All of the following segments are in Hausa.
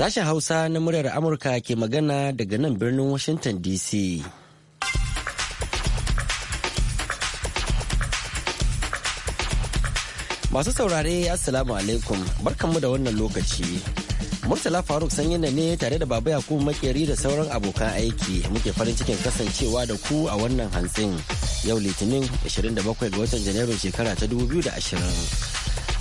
Sashen Hausa na muryar Amurka ke magana daga nan birnin Washington DC. Masu saurare Assalamu alaikum barkanmu da wannan lokaci. Murtala Faruk sanyi na ne tare da Baba Yakubu Makeri da sauran abokan aiki muke farin cikin kasancewa da ku a wannan hantsin yau Litinin 27 ga watan Janairun shekara ta 2020.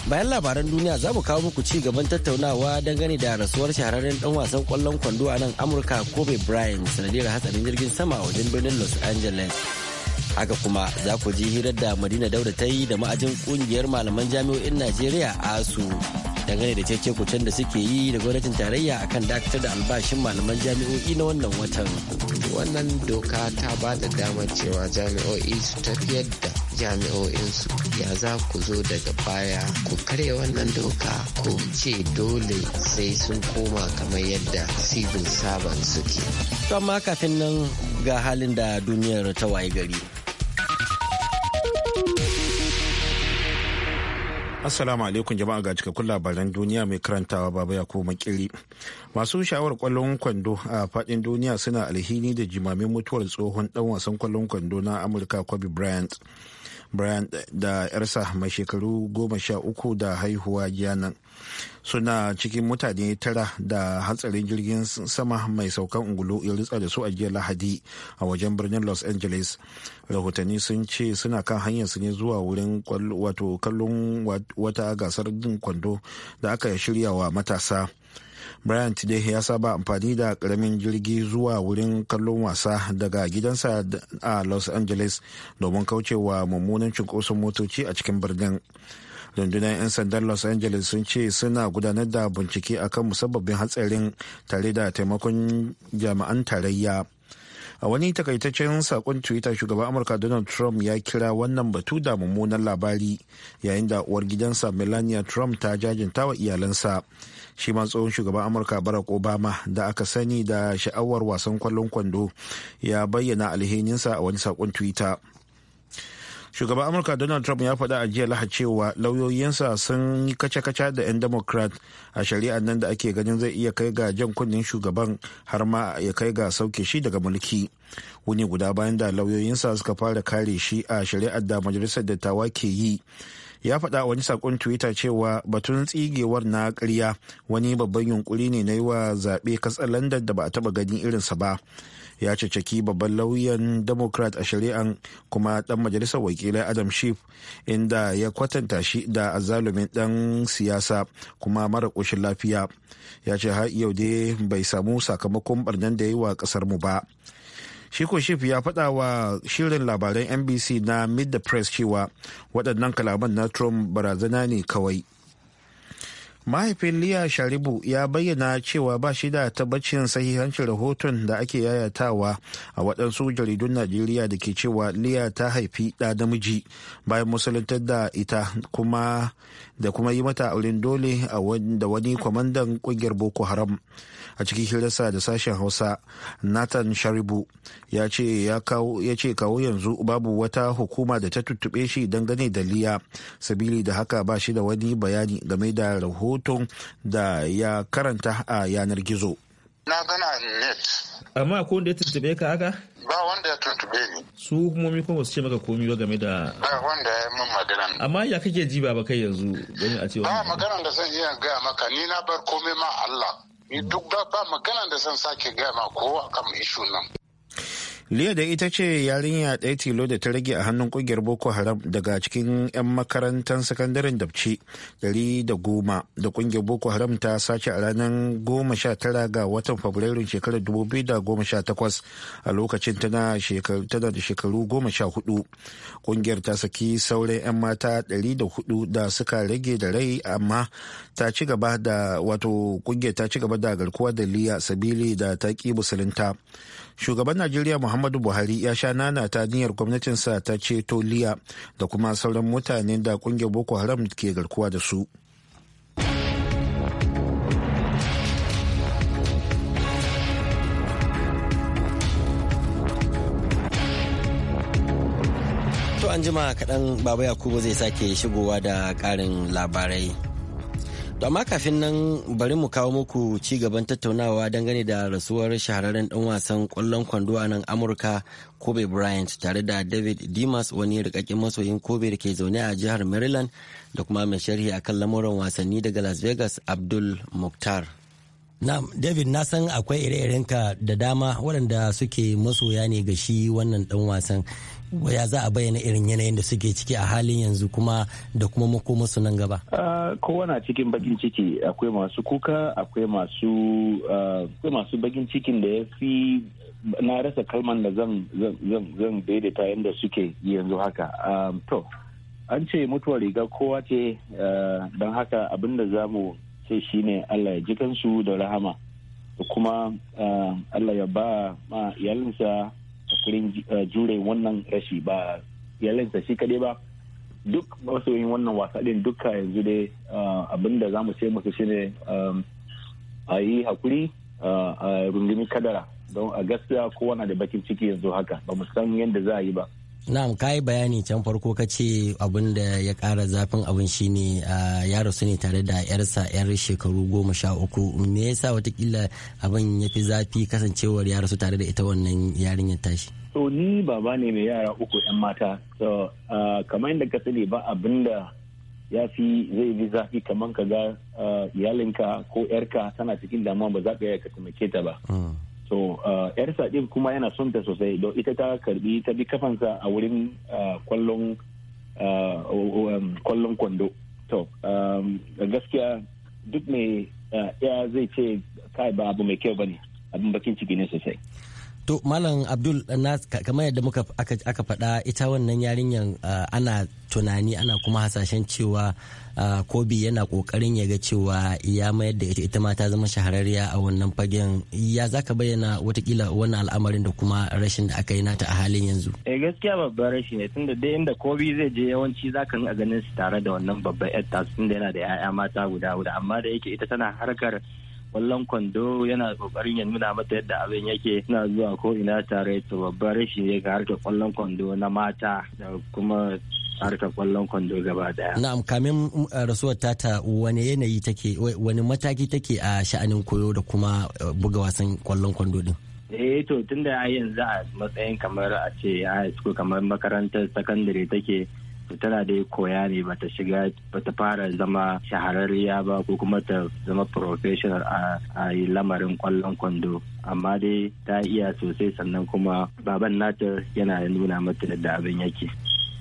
bayan labaran duniya za mu kawo muku ci gaban tattaunawa dangane da rasuwar shahararren dan wasan kwallon kwando a nan amurka kobe bryant sanadiyar hatsarin jirgin sama a wajen birnin los angeles haka kuma za ku ji hirar da madina dauda ta yi da ma'ajin kungiyar malaman jami'o'in najeriya asu dangane da cece kucen da suke yi da gwamnatin tarayya akan dakatar da albashin malaman jami'o'i na wannan watan wannan doka ta ba da damar cewa jami'o'i su tafiyar da jami'o'insu ya za ku zo daga baya ku karya wannan doka ko ce dole sai sun koma kamar yadda civil sabon suke. amma kafin nan ga halin da duniyar ta waye gari. Assalamu alaikum jama'a ga cikakkun labaran duniya mai karantawa baba ya koma kiri. Masu shawar kwallon kwando a fadin duniya suna alhini da jimamin mutuwar tsohon dan wasan kwallon kwando na Amurka Kobe Bryant brian da yarsa mai shekaru goma sha uku da haihuwa nan suna cikin mutane tara da hatsarin jirgin sama mai saukan ungulu ya ritsa da su a jiya lahadi a wajen birnin los angeles rahotanni sun ce suna kan hanyar su ne zuwa wurin wato kallon wata gasar kwando da aka shirya wa matasa brian today ya saba amfani da karamin jirgi zuwa wurin kallon wasa daga gidansa a los angeles domin kaucewa mummunan cunkoson motoci a cikin birnin rundunar 'yan sandan los angeles sun ce suna gudanar da bincike akan musabbabin hatsarin tare da taimakon jami'an tarayya a wani takaitaccen sakon twitter shugaban amurka donald trump ya kira wannan batu da mummunan labari yayin da uwar gidansa melania trump ta jajinta wa iyalansa shi ma tsohon shugaban amurka barack obama da aka sani da sha'awar wasan kwallon kwando ya bayyana alhininsa a wani sakon twitter shugaban amurka donald trump ya faɗa a jiya laha cewa lauyoyinsa sun yi kaca kaca da 'yan democrat a shari'ar nan da ake ganin zai iya kai ga jan kunnen shugaban har ma ya kai ga sauke shi daga mulki wuni guda bayan da lauyoyinsa suka fara kare shi a shari'ar da majalisar dattawa ke yi ya faɗa wani sakon twitter cewa batun tsigewar na ƙarya wani babban yunkuri ne na yi wa zaɓe kasar london da ba a taɓa ganin irinsa ba ya ceceki babban lauyan democrat a shari'an kuma ɗan majalisar wakilai adam shif inda ya kwatanta shi da azalumin ɗan siyasa kuma mara ƙoshin lafiya ya ce har yau dai bai samu sakamakon barnan da ya yi wa ƙasar mu ba shi ko shif ya faɗa wa shirin labaran nbc na mid the press cewa waɗannan kalaman na trump barazana ne kawai mahaifin liya sharibu ya bayyana cewa ba shi da tabbacin sahihancin rahoton da ake yayatawa a waɗansu jaridun najeriya da ke cewa liya ta haifi ɗa namiji bayan musuluntar da ita kuma da kuma yi mata aurin dole da wani kwamandan ƙungiyar boko haram a cikin hirarsa da sashen hausa nathan sharibu ya ce kawo yanzu babu wata hukuma da ta tuttube shi dangane da liya sabili da haka ba shi da wani bayani game da rahoton da ya karanta a yanar gizo na zana net amma ko wanda ya tuntube ka haka ba wanda ya tuntube ni su hukumomi kuma su ce maka komi ba game da ba wanda ya min magana amma ya kake ji ba kai yanzu gani a cewa ba magana da zan iya gaya maka ni na bar komai ma Allah ni duk ba magana da zan sake gaya ma a kan ishu nan Liya da ita ce yarinya ɗaya tilo da ta rage a hannun ƙungiyar Boko Haram daga cikin 'yan makarantar sakandaren dabci ɗari da goma ƙungiyar Boko Haram ta sace a ranar goma sha tara ga watan Fabrairun shekarar dubu biyu a lokacin tana da shekaru goma sha hudu. Ƙungiyar ta saki sauran 'yan mata ɗari da da suka rage da rai amma ta ci gaba da wato ƙungiyar ta ci gaba da garkuwa da liya sabili da ta ƙi musulunta. shugaban najeriya muhammadu buhari ya sha nana ta gwamnatin sa ta ceto liya da kuma sauran mutane da kungiyar boko haram ke garkuwa da su to an jima kaɗan baba yakubu zai sake shigowa da ƙarin labarai To amma kafin nan bari mu kawo muku ci gaban tattaunawa dangane da rasuwar shahararren dan wasan kwallon kwando a nan Amurka Kobe Bryant tare da David Dimas wani rikakken masoyin Kobe da ke zaune a jihar Maryland da kuma mai sharhi akan lamuran wasanni daga Las Vegas Abdul Mukhtar. Na'am David na san akwai ire-irenka da dama waɗanda suke masoya ne ga shi wannan dan wasan. ya za a bayyana irin yanayin da suke ciki a halin yanzu kuma da kuma makomarsu nan gaba? kowa na cikin bakin ciki akwai masu kuka akwai masu masu bakin cikin da ya fi na rasa kalman da zan zan daidaita yadda suke yanzu haka to an ce mutuwar riga kowa ce don haka abin da za mu ce shine allah ya ji kansu da rahama kuma allah ya ba ma iyalinsa shirin eh, jure wannan rashi ba iyalinsa shi kadai ba duk masoyin wannan wasa din duka yanzu dai eh, abin da za mu ce musu shine eh, a yi hakuri a rungumi kadara don a gaskiya kowa na da bakin ciki yanzu haka ba mu san yadda za a yi ba na'am kayi bayani can farko ka ce abin da ya kara zafin abin shine ya rasu ne tare da yarsa yar shekaru goma sha uku me yasa watakila abin ya fi zafi kasancewar ya rasu tare da ita wannan yarinyar tashi to ni baba ne mai yara uku yan mata so kamar yadda ka sani ba abin da ya fi zai fi zafi kamar ka ga iyalinka ko yarka tana cikin damuwa ba za ka iya ka taimake ta ba mm. so uh, yar saɗin kuma yana son ta sosai don ita ta karbi ta bi kafansa a wurin uh, kwallon uh, um, kwallon kwando to um, gaskiya duk mai ya zai ce kai ba abu mai kyau bane abin bakin ciki ne sosai to malam abdul kamar yadda muka aka faɗa ita wannan yarinyar ah, ana tunani ana kuma hasashen cewa ah, kobi yana kokarin ya ga cewa ya mayar da ita ita ma ta zama shahararriya a wannan fagen ya za ka bayyana watakila wannan al'amarin da kuma rashin da aka yi nata a halin yanzu eh gaskiya babban rashi ne tunda dai inda kobi zai je yawanci zaka a ganin su tare da wannan babban yadda tasu tunda yana da 'ya'ya mata guda guda amma da yake ita tana harkar kwallon kwando yana kokarin ya nuna mata yadda abin yake suna zuwa ko ina tare ta babbar rashi ya ga harkar kwallon kwando na mata da kuma harkar kwallon kwando gaba daya. Na'am kamin eh, rasuwar tata wani yanayi take wani mataki take a sha'anin koyo da kuma eh, buga wasan kwallon kwando din. eh to tunda yanzu a matsayin kamar a ce a school kamar makarantar sakandare take tana da koya ne bata shiga bata fara zama shahararriya ba ko kuma ta zama professional a yi lamarin kwallon kwando amma dai ta iya sosai sannan kuma baban nata yana nuna mata da abin yake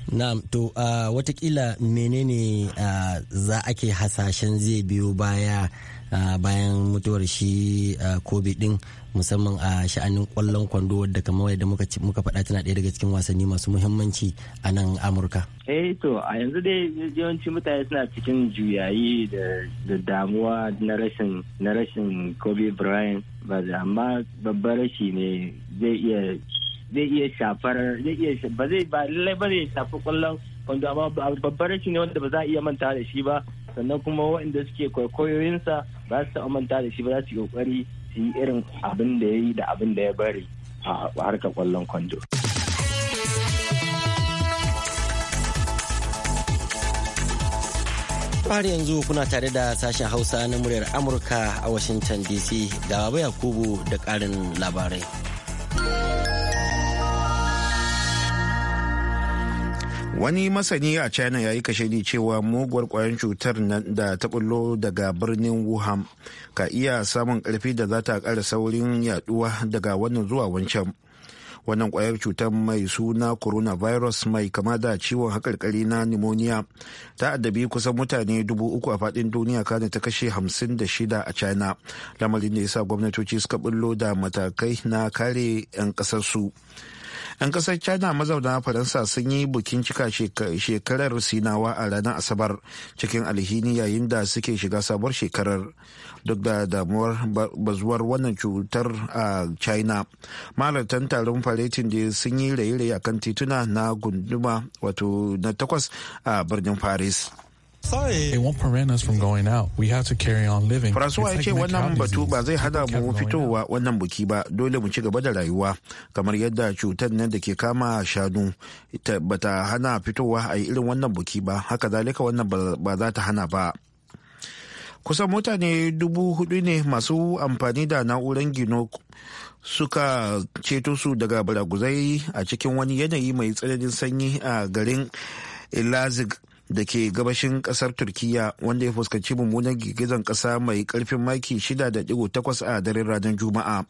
Na'am to uh, watakila menene uh, za ake hasashen zai biyo baya bayan mutuwar shi kobe din musamman a sha'anin kwallon kwando wadda kamar yadda muka faɗa tana ɗaya daga cikin wasanni masu muhimmanci a nan amurka eh to a yanzu dai yawanci mutane suna cikin juyayi da damuwa na rashin na rashin kobe bryant ba amma babban rashi ne zai iya zai iya shafar zai iya ba zai ba lallai ba zai shafi kwallon wanda amma babban rashi ne wanda ba za a iya mantawa da shi ba sannan kuma waɗanda suke kwaikwayoyinsa ba su manta da shi ba za su yi kokari su yi irin abin da ya yi da abin da ya bari a harkar kwallon kwando. har yanzu kuna tare da sashen hausa na muryar amurka a washington dc ga baba yakubu da ƙarin labarai wani masani a china ya yi kashe ni cewa muguwar kwayan cutar da ta bullo daga birnin wuhan ka iya samun karfi da za ta kara saurin yaduwa daga wannan zuwa wancan wannan kwayar cutar mai suna coronavirus mai kama da ciwon haƙarƙari na pneumonia ta addabi kusan mutane dubu uku a faɗin duniya kana ta kashe hamsin da shida a china lamarin da ya sa gwamnatoci suka bullo da matakai na kare 'yan ƙasarsu. 'yan kasar china mazauna faransa sun yi bukin cika shekarar sinawa a ranar asabar cikin alhini yayin da suke shiga sabuwar shekarar duk da damuwar bazuwar wannan cutar a china malartan taron faretin da sun yi raye-raye akan tituna na gunduma wato na takwas a birnin paris Francois ya ce wannan batu ba zai hada mu fitowa wannan buki ba dole mu ci gaba da rayuwa kamar yadda cutar nan da ke kama shanu ba ta hana fitowa a yi irin wannan buki ba haka zalika wannan ba za ta hana ba. Kusan mutane dubu hudu ne masu amfani da na'urar gino suka ceto su daga baraguzai a cikin wani yanayi mai tsananin sanyi a garin ilazig da ke gabashin kasar turkiya wanda ya fuskanci mummunan girgizan kasa mai karfin maki 6.8 a daren ranar juma'a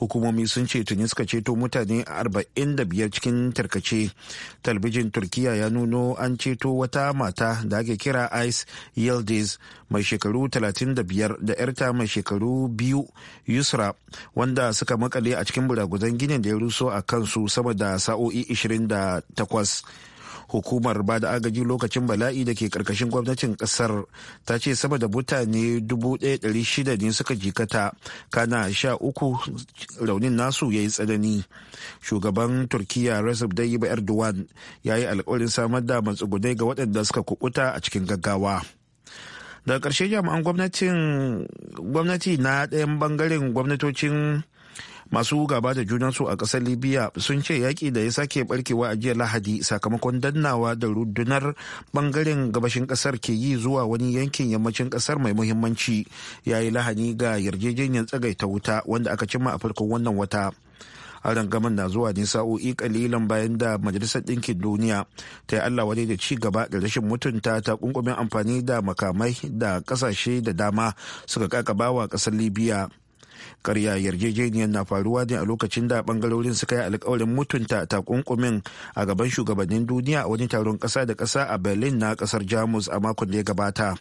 hukumomi sun ce tuni suka ceto mutane 45 cikin tarkace talbijin turkiya ya nuno an ceto wata mata da ake kira ice yildiz mai shekaru 35 da yarta mai shekaru biyu yusra wanda suka makale a cikin buragudan ginin da ya ruso a kansu sama da sa'o'i 28 hukumar ba da agaji lokacin bala'i da ke karkashin gwamnatin kasar ta ce sama da mutane 1,600 ne suka jikata kana sha uku raunin nasu ya yi tsanani shugaban turkiya recep ba erdogan ya yi alkawarin samar da matsugunai ga waɗanda suka kubuta a cikin gaggawa daga ƙarshe jami'an gwamnati na ɗayan bangaren gwamnatocin masu gaba da su a ƙasar libya sun ce yaƙi da ya sake barkewa a jiya lahadi sakamakon dannawa da rundunar bangaren gabashin ƙasar ke yi zuwa wani yankin yammacin ƙasar mai muhimmanci ya yi lahani ga yarjejeniyar tsagaita wuta wanda aka cimma a farkon wannan wata a rangaman na zuwa ne sa'o'i kalilan bayan da majalisar ɗinkin duniya ta yi allah wani da ci gaba da rashin mutunta ta kunkumin amfani da makamai da ƙasashe da dama suka kakaba wa ƙasar libya karya yarjejeniyar na faruwa ne a lokacin da bangarorin suka yi alkawarin mutunta takunkumin a gaban shugabannin duniya a wani taron kasa da kasa a berlin na kasar jamus a makon da ya gabata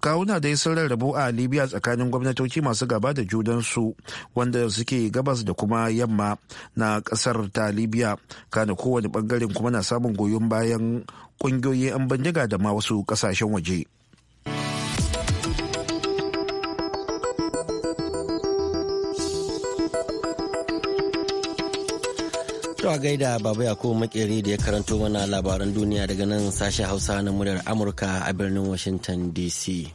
kawuna dai sun rarrabu a libya tsakanin gwamnatoci masu gaba da su wanda suke gabas da kuma yamma na kasar ta libya kana kowane bangaren kuma na samun goyon bayan kungiyoyi 'yan bindiga da ma wasu kasashen waje. a gaida Baba Yakubu Makeri da ya karanto mana labaran duniya daga nan sashen Hausa na muryar Amurka a birnin Washington DC.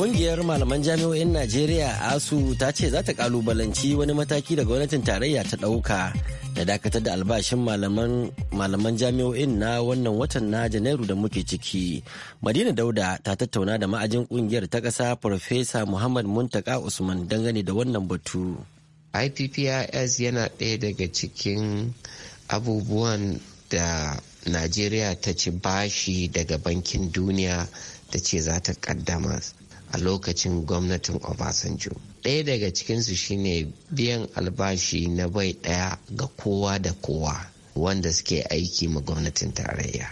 Ƙungiyar malaman jami'o'in Najeriya ASU ta ce za ta kalubalanci wani mataki daga gwamnatin tarayya ta ɗauka da dakatar da albashin malaman jami'o'in na wannan watan na janairu da muke ciki madina dauda ta tattauna da ma'ajin kungiyar ta ƙasa farfesa muhammad muntaka usman dangane da wannan batu ippis yana ɗaya daga cikin abubuwan da najeriya ta ci bashi daga bankin duniya ta ce za ta kaddama a lokacin gwamnatin obasanjo ɗaya daga cikinsu shine biyan albashi na bai ɗaya ga kowa da kowa wanda suke aiki ma gwamnatin tarayya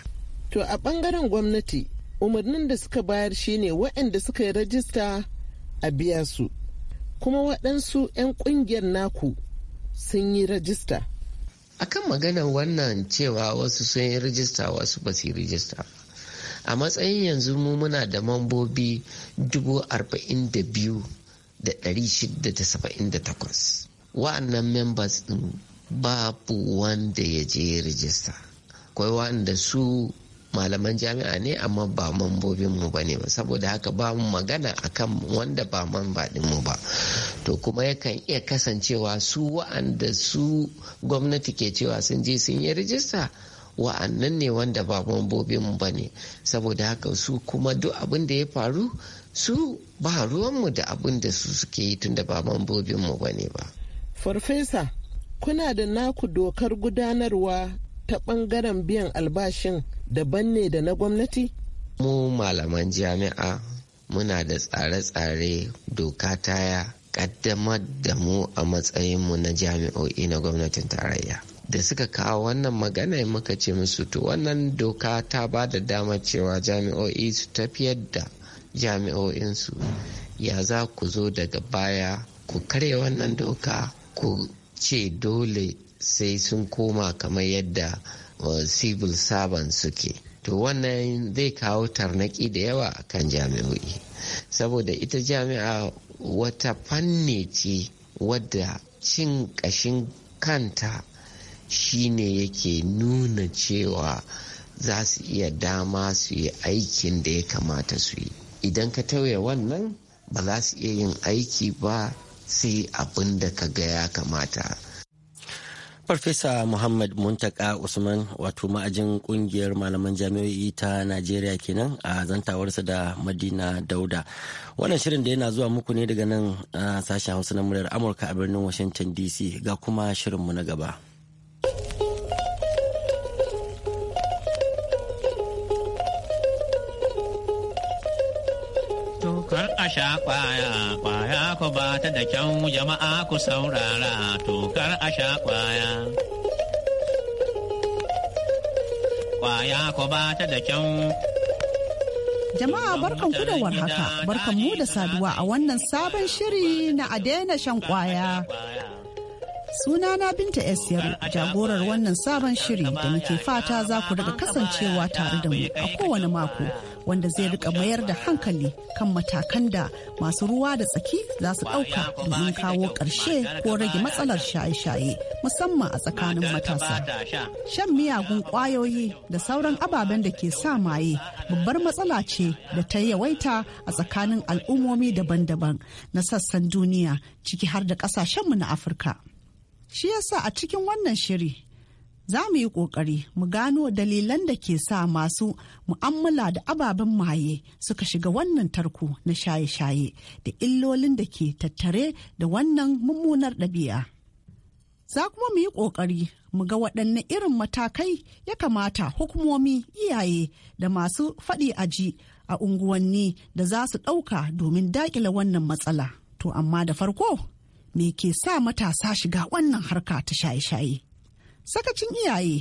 to a ɓangaren gwamnati umarnin da suka bayar shine waɗanda suka yi rajista a biya su kuma waɗansu 'yan ƙungiyar naku sun yi rajista akan maganar wannan cewa wasu sun yi rajista wasu ba yi rajista a matsayin yanzu mu muna da mambobi 42,678 wa'annan members din babu wanda ya je rijista kwai wanda su malaman jami'a ne amma ba mambobin mu ba ne ba. saboda haka ba mu magana akan wanda ba mamba mu ba to kuma yakan iya kasancewa su wa'anda su gwamnati ke cewa sun je sun yi rijista wa'annan ne wanda ba mambobinmu ba ne saboda haka su kuma duk abin da ya faru su ba ruwanmu da abin da su suke yi tun da ba mambobinmu ba ne ba farfesa kuna da naku dokar gudanarwa ta bangaren biyan albashin daban ne da na gwamnati mu malaman jami'a muna da tsare-tsare doka ta ya ƙaddamar da mu a matsayinmu na jami'o'i na gwamnatin tarayya da suka kawo wannan magana muka ce musu to wannan doka ta ba da dama cewa jami'o'i su tafiyar da jami'o'insu ya za ku zo daga baya ku karya wannan doka ku ce dole sai sun koma kamar yadda uh, civil servants suke to wannan zai kawo tarnaki da yawa a kan jami'o'i saboda ita jami'a wata fanni ce wadda cin kashin kanta shine yake nuna cewa za su iya dama su yi aikin da ya kamata su yi idan ka tauye wannan ba za su iya yin aiki ba sai abin da ka ga ya kamata farfesa muhammad muntaka usman wato ma'ajin kungiyar malaman jami'o'i ta najeriya kenan a zantawarsa da madina dauda wannan shirin da yana zuwa muku ne daga nan sashen hausa na muryar amurka a birnin washington dc ga kuma shirin mu na gaba sha kwaya kwaya ku ba ta da kyau jama'a ku saurara tokar a sha kwaya kwaya ku ba ta da kyau Jama'a barkan ku da warhaka, barkan mu da saduwa a wannan sabon shiri na a daina shan kwaya. na Binta S. Yaro, jagorar wannan sabon shiri da muke fata za ku daga kasancewa tare da mu a kowane mako wanda zai rika mayar da hankali kan matakan da masu ruwa da tsaki za su ɗauka domin kawo ƙarshe ko rage matsalar shaye-shaye musamman a tsakanin matasa. Shan miyagun ƙwayoyi da sauran ababen da ke sa maye babbar matsala ce da ta yawaita a tsakanin al'ummomi daban-daban na sassan duniya ciki har da ƙasashenmu na Afirka. Shi yasa a cikin wannan shiri za mu yi ƙoƙari mu gano dalilan da ke sa masu mu'amala da ababen maye suka shiga wannan tarko na shaye-shaye da illolin da ke tattare da wannan mummunar ɗabi'a. Za kuma mu yi ƙoƙari mu ga waɗanne irin matakai ya kamata hukumomi iyaye da masu faɗi aji a unguwanni da za su ɗauka domin daƙile wannan matsala. To amma da farko, me ke sa matasa shiga wannan harka ta shaye-shaye? sakacin iyaye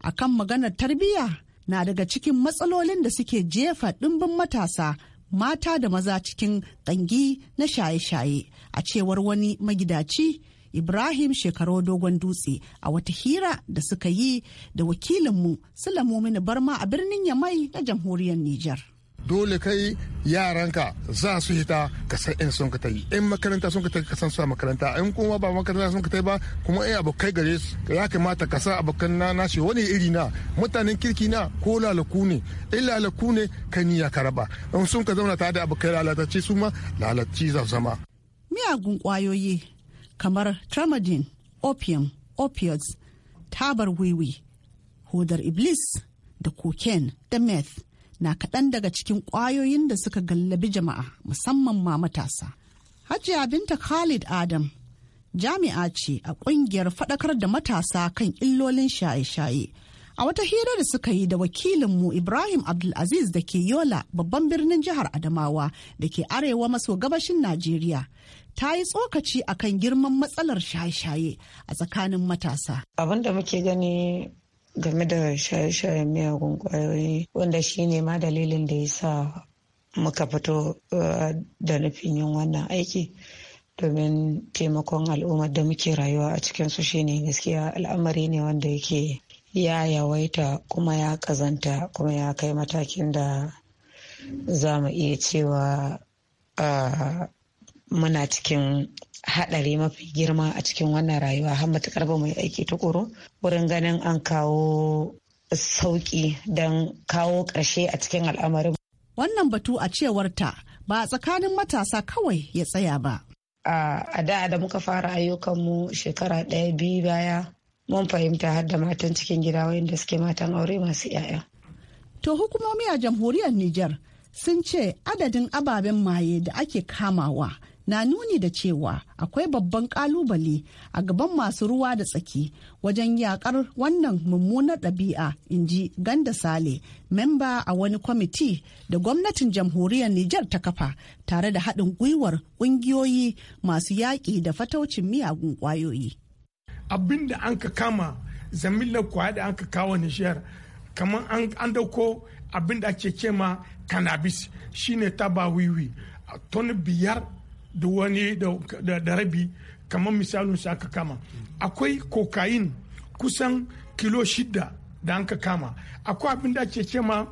a kan maganar tarbiyya na daga cikin matsalolin da suke jefa ɗimbin matasa mata da maza cikin ƙangi na shaye-shaye a cewar wani magidaci ibrahim shekaru dogon dutse a wata hira da suka yi da wakilinmu sulamomin barma a birnin yamai na jamhuriyar nijar dole kai yaranka za su hita ka san in sun ka yi in makaranta sun ka ka su a makaranta in kuma ba makaranta sun ka ba kuma in abokai gare su ya kamata ka san abokan na nashi wani iri na mutanen kirki na ko lalaku ne in lalaku ne ka niyya ka raba in sun ka zauna ta da abokai lalatacci su ma lalatacci za zama. miyagun kwayoyi kamar tramadin opium opioids tabar wiwi hodar iblis da cocaine da meth na kaɗan daga cikin ƙwayoyin da suka gallabi jama'a musamman ma matasa. Hajiya Binta Khalid Adam jami'a ce a ƙungiyar faɗakar da matasa kan illolin shaye-shaye. A wata hira da suka yi da wakilinmu Ibrahim Abdulaziz da ke Yola babban birnin jihar Adamawa da ke arewa maso gabashin Najeriya. ta yi tsokaci akan girman matsalar shaye-shaye a tsakanin matasa. Abin da muke gani game da shaye-shayen miyagun kwayoyi wanda shi ne ma dalilin da ya sa muka fito eh, da nufin yin wannan aiki domin taimakon al'ummar da muke rayuwa a cikinsu ne gaskiya al'amari ne wanda yake ya yawaita kuma ya kazanta kuma ya kai matakin da za mu iya cewa ah, muna cikin haɗari mafi girma a cikin wannan rayuwa har matuƙar ba mai aiki tukuru wurin ganin an kawo sauƙi don kawo ƙarshe a cikin al'amarin. Wannan batu a cewarta ba a tsakanin matasa kawai ya tsaya ba. A da da muka fara ayyukanmu shekara ɗaya biyu baya mun fahimta har da matan cikin gida wayanda suke matan aure masu 'ya'ya. To hukumomi a jamhuriyar Nijar sun ce adadin ababen maye da ake kamawa na nuni da cewa akwai babban kalubale a gaban masu ruwa da tsaki wajen yakar wannan mummunar ɗabi'a in ji ganda sale memba a wani kwamiti da gwamnatin jamhuriyar nijar ta kafa tare da haɗin gwiwar ƙungiyoyi masu yaƙi da fataucin miyagun ƙwayoyi abin da an ka kama zamila kwaya da an ka kawo nijar kamar an dauko abin da ake cema cannabis shine taba wiwi tun biyar da wani da rabi kamar misalin su aka kama akwai kokain kusan kilo shida da an ka kama akwai abin da ake ma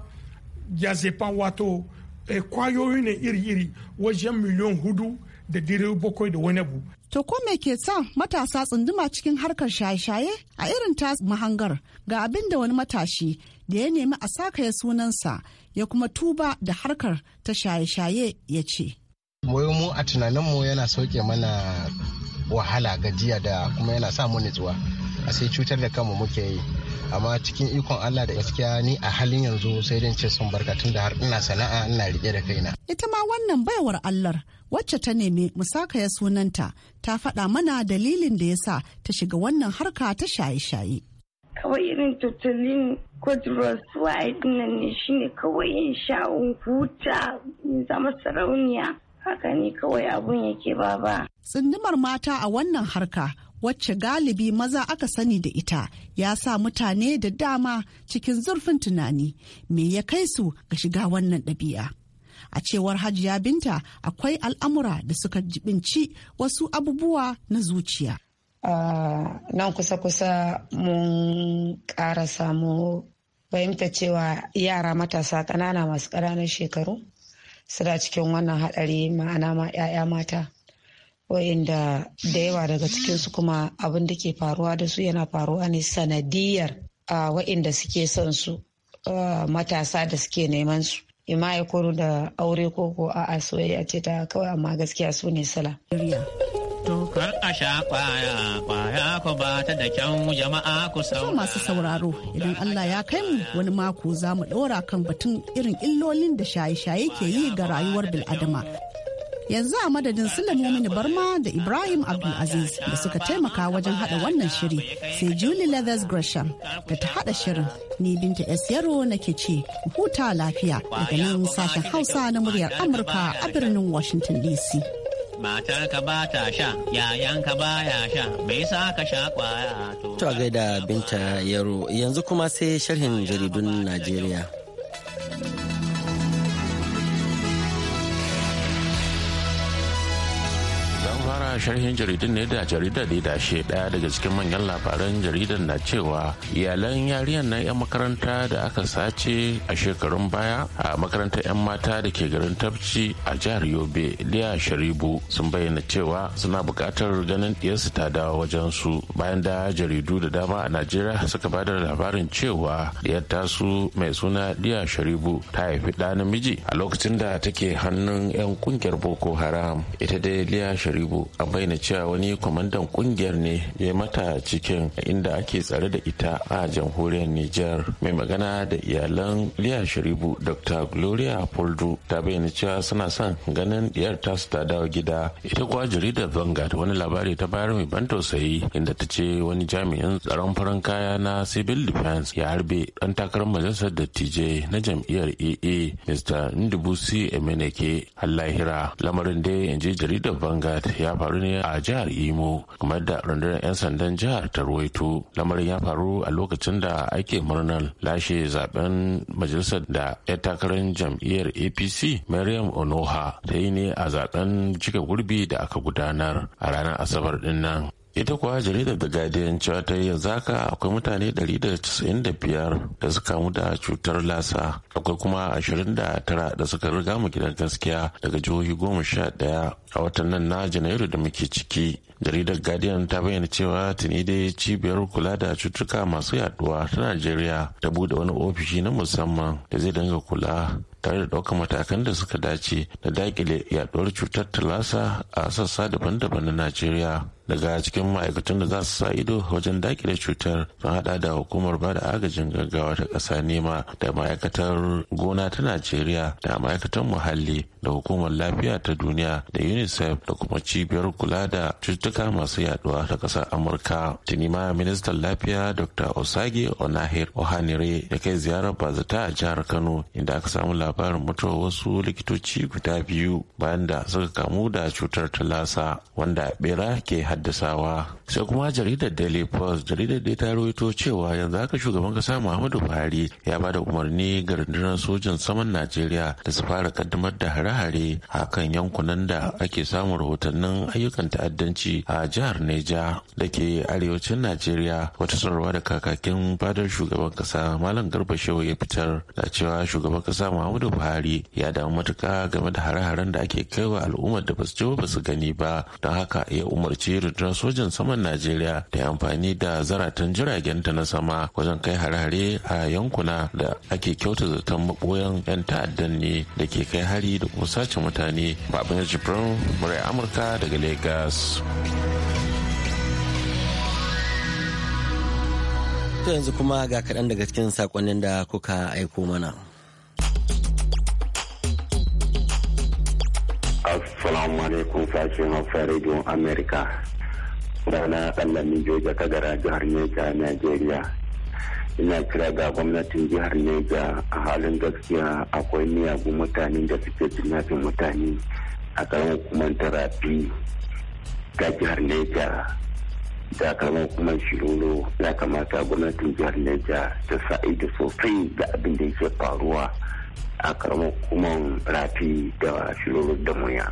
jazepan wato eh, kwayoyi ne iri-iri wajen miliyan hudu da dire bakwai da wani abu To ko me ke sa matasa tsunduma cikin harkar shaye-shaye a irin ta mahangar ga abin da wani matashi da ya nemi a sakaya sunansa ya kuma tuba da harkar ta shaye-shaye ya ce. mu a tunaninmu yana sauke mana wahala gajiya da kuma yana sa mu nutsuwa a sai cutar da kanmu muke yi amma cikin ikon Allah da gaskiya ni a halin yanzu sai dan ce sun barka tun da har ina sana'a ina rike da kaina ita ma wannan baiwar Allah wacce ta nemi ya sunanta ta faɗa mana dalilin da ya sa ta shiga wannan harka ta shaye-shaye kawai irin totalin kwadros suwa nan ne shine kawai yin sha'un huta zama sarauniya haka ne kawai abun yake baba. Tsundumar mata a wannan harka wacce galibi maza aka sani da ita ya sa mutane da dama cikin zurfin tunani me ya kai su ga shiga wannan ɗabi'a. A cewar hajiya binta akwai al'amura da suka jibinci wasu abubuwa na zuciya. a nan kusa-kusa mun ƙara samu fahimta cewa yara matasa ƙanana masu ƙananan shekaru suna cikin wannan haɗari ma'ana ma 'ya'ya mata wa'inda da yawa daga cikinsu kuma abin da ke faruwa da su yana faruwa ne sanadiyar wa'inda suke son su matasa da suke neman su ima ya koro da aure ko a'a soyayya ce ta kawai amma gaskiya su ne sala. Tukar a sha kwaya kwaya ku ba ta da kyan jama'a ku saurara. masu sauraro idan Allah ya kai mu wani mako za mu ɗora kan batun irin illolin da shaye-shaye ke yi ga rayuwar bil'adama. Yanzu a madadin Sulemomini Barma da Ibrahim Abdulaziz da suka taimaka wajen haɗa wannan shiri sai Julie Leathers Gresham da ta haɗa shirin ni binta S Yaro nake ce huta lafiya daga nan sashen Hausa na muryar Amurka a birnin Washington DC. matarka ba ta sha yayanka ba ya sha me yasa ka sha kwaya to. To gaida binta yaro yanzu kuma sai sharhin jaridun Najeriya. sharhin jaridun ne da jaridar da dashe daya daga cikin manyan labaran jaridar na cewa iyalan yariyan na 'yan makaranta da aka sace a shekarun baya a makarantar 'yan mata da ke garin tabci a jihar yobe liya sharibu sun bayyana cewa suna buƙatar ganin ɗiyarsu ta dawo wajen su bayan da jaridu da dama a najeriya suka ba da labarin cewa ɗiyar tasu mai suna liya sharibu ta haifi ɗa namiji a lokacin da take hannun 'yan kungiyar boko haram ita dai liya sharibu a bayyana cewa wani kwamandan kungiyar ne ya mata cikin inda ake tsare da ita a jamhuriyar Nijar mai magana da iyalan liya Sharibu dr gloria poldu ta bayyana cewa suna son ganin diyar tasu ta dawo gida ita kuwa jaridar vanguard wani labari ta bayar mai ban tausayi inda ta ce wani jami'in tsaron farin kaya na civil defense ya harbe ɗan takarar majalisar dattijai na jam'iyyar aa mr ndubusi emeneke Hira, lamarin dai in ji jaridar vanguard ya faru faru ne a jihar imo kuma da rundunar 'yan sandan jihar ta ruwaito lamarin ya faru a lokacin da ake murnar lashe zaben majalisar da 'yan takarar jam'iyyar apc maryam onoha ta yi ne a zaben cika gurbi da aka gudanar a ranar asabar din nan ita kuwa jaridar da guardian cewa ta yi yanzu haka akwai mutane 195 da suka kamu da cutar lasa akwai kuma 29 da suka riga mu gidan gaskiya daga jihohi 11 a watan nan na janairu da muke ciki jaridar guardian ta bayyana cewa tuni dai cibiyar kula da cutuka masu yaduwa ta najeriya ta bude wani ofishi na musamman da zai dinga kula tare da ɗaukar matakan da suka dace da dakile yaduwar cutar talasa a sassa daban-daban na najeriya daga cikin ma'aikatan da za su sa ido wajen dakile cutar sun hada da hukumar ba da agajin gaggawa ta ƙasa nema da ma'aikatar gona ta najeriya da ma'aikatan muhalli da hukumar lafiya ta duniya da unicef da kuma cibiyar kula da cututtuka masu yaduwa ta ƙasar amurka tuni ma ministan lafiya dr osage onahir ohanire ya kai ziyarar bazata a jihar kano inda aka samu labarin mutuwar wasu likitoci guda biyu bayan da suka kamu da cutar ta lasa wanda bera ke haddasawa sai kuma jaridar daily post jaridar da ta rawaito cewa yanzu haka shugaban kasa muhammadu buhari ya ba da umarni ga rundunar sojan saman najeriya da su fara kaddamar da hare-hare a kan yankunan da ake samun rahotannin ayyukan ta'addanci a jihar neja da ke arewacin najeriya wata sanarwa da kakakin fadar shugaban kasa malam garba shehu ya fitar da cewa shugaban kasa muhammadu buhari ya damu matuka game da hare-haren da ake kaiwa al'ummar da basu je ba su gani ba don haka ya umarci rundunar sojan saman najeriya ta yi amfani da zaratan jiragen ta na sama wajen kai hare-hare a yankuna da ake kyauta zaton maboyan 'yan ta'addan ne da ke kai hari da kuma sace mutane babban ya jibrin murai amurka daga lagos yanzu kuma ga kaɗan daga cikin saƙonnin da kuka aiko mana. Assalamu alaikum sashen Hausa Radio America. Rana Allami Joja gara jihar Neja, Najeriya. Ina kira ga gwamnatin jihar Neja a halin gaskiya akwai miyagun mutane da suke jinafin mutane a kan hukumar tarafi ta jihar Neja. Da kan hukumar Shirolo ya kamata gwamnatin jihar Neja ta sa'idu sosai da abin da yake faruwa. a karamar hukumar rafi da shiroro da murya.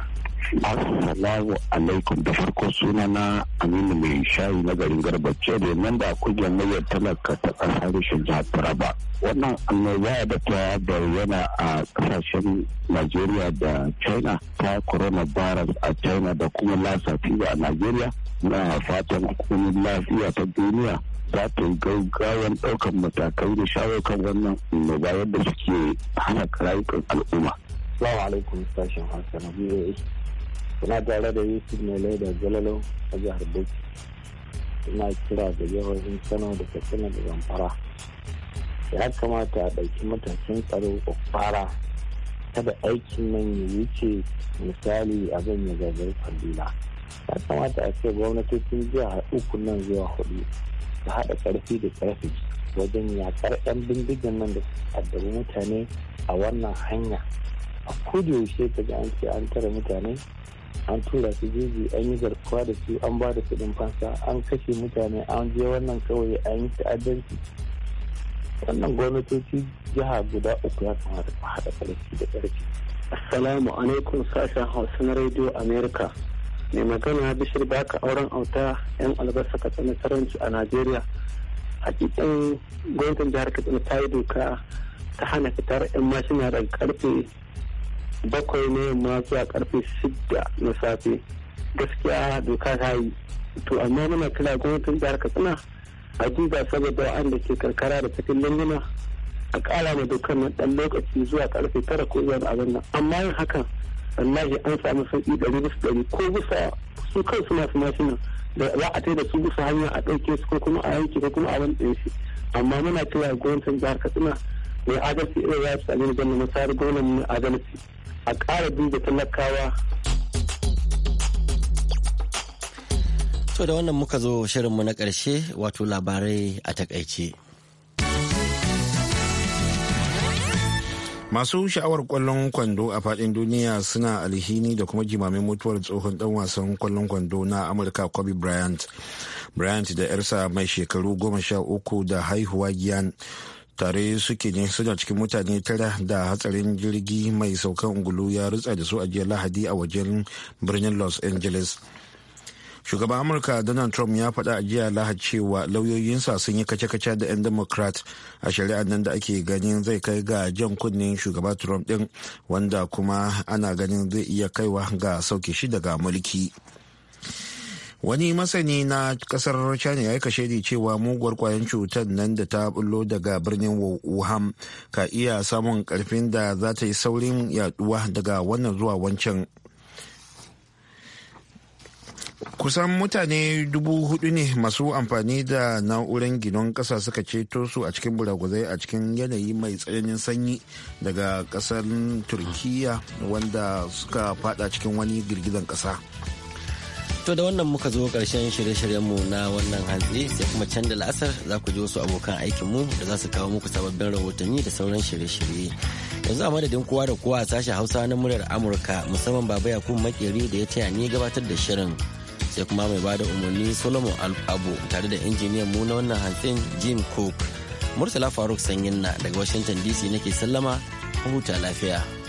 Assalamu alaikum da farko suna na Aminu mai shayi na garin garbace da nan da kujiyar muryar talaka ta ƙasa rashin jihar Taraba. Wannan annoba da ta yana a kasashen Najeriya da China ta Corona virus a China da kuma lasa a Najeriya na fatan hukumomin lafiya ta duniya za ta yi gaggawan ɗaukan matakai da shawo kan wannan mai bayar da suke hana rayukan al'umma. Salamu alaikum sashen Hausa na VOA. Kuna tare da Yusuf Mele da Jalalo a jihar Bauchi. Ina kira da jihohin Kano da Katsina da Zamfara. Ya kamata a ɗauki matakin tsaro fara. kada aikin nan ya wuce misali abin ya gagar fadila. Ya kamata a ce gwamnati gwamnatocin jiha uku nan zuwa hudu su haɗa ƙarfi da ƙarfi wajen yaƙar 'yan bindigan nan da addabi mutane a wannan hanya a yaushe ka ga an ce an tara mutane an tura su jeji an yi garkuwa da su an ba da kuɗin fansa an kashe mutane an je wannan kawai an yi ta'addanci wannan gwamnatoci jiha guda uku ya kamata ku haɗa ƙarfi da ƙarfi assalamu alaikum sashen hausa na rediyo america mai magana bishir da aka auren auta yan albasa katsina saranci a najeriya A cikin gwamnatin jihar katsina ta yi doka ta hana fitar yan mashina daga karfe bakwai na yamma zuwa karfe shida na safe gaskiya doka ta yi to amma muna kira gwamnatin jihar katsina a duba saboda wa'anda ke karkara da cikin lalluna, a kala ma dokar na dan lokaci zuwa karfe tara ko zuwa abin nan amma yin hakan wallahi an samu sauki ɗari rubus ɗari ko bisa su kansu masu mashinan da za a tai da su bisa hanya a ɗauke su ko kuma a yanki ko kuma a wani ɗin shi amma muna cewa gwamnatin jihar katsina mai adalci irin ya fi tsanin gwamnati masarar gwamnan mai adalci a ƙara duba talakawa To da wannan muka zo shirin mu na karshe wato labarai a takaice. masu sha'awar kwallon kwando a fadin duniya suna alhini da kuma jimamin mutuwar tsohon dan wasan kwallon kwando na amurka kobe bryant bryant da yarsa mai shekaru goma sha uku da haihuwa giyan tare suke ne suna cikin mutane tara da hatsarin jirgi mai saukan ungulu ya rutsa da su a jiya lahadi a wajen birnin los angeles shugaban amurka donald trump ya faɗa a jiya lahad cewa lauyoyinsa sun yi kace-kace da 'yan democrat a shari'ar nan da ake ganin zai kai ga jan kunnen shugaba trump din wanda kuma ana ganin zai iya kaiwa ga sauke shi daga mulki wani masani na kasar china ya yi kashe ne cewa muguwar kwayan cutar nan da ta bullo daga birnin wuhan ka iya samun karfin da za ta yi saurin yaduwa daga wannan zuwa wancan kusan mutane dubu hudu ne masu amfani da na'urar ginon kasa suka ceto su a cikin buraguzai a cikin yanayi mai tsananin sanyi daga kasar turkiya wanda suka fada cikin wani girgizan kasa to da wannan muka zo karshen shirye-shiryenmu na wannan hantsi sai kuma can da la'asar za ku ji wasu abokan aikinmu da za su kawo muku sababbin rahotanni da sauran shirye-shirye yanzu a madadin kowa da kowa a sashen hausa na muryar amurka musamman baba yakub makeri da ya taya ni gabatar da shirin sai kuma mai bada umarni solomon abu tare da injiniyan mu na wannan hantsin jim cook murtala faruk sanyin na daga washington dc nake sallama huta lafiya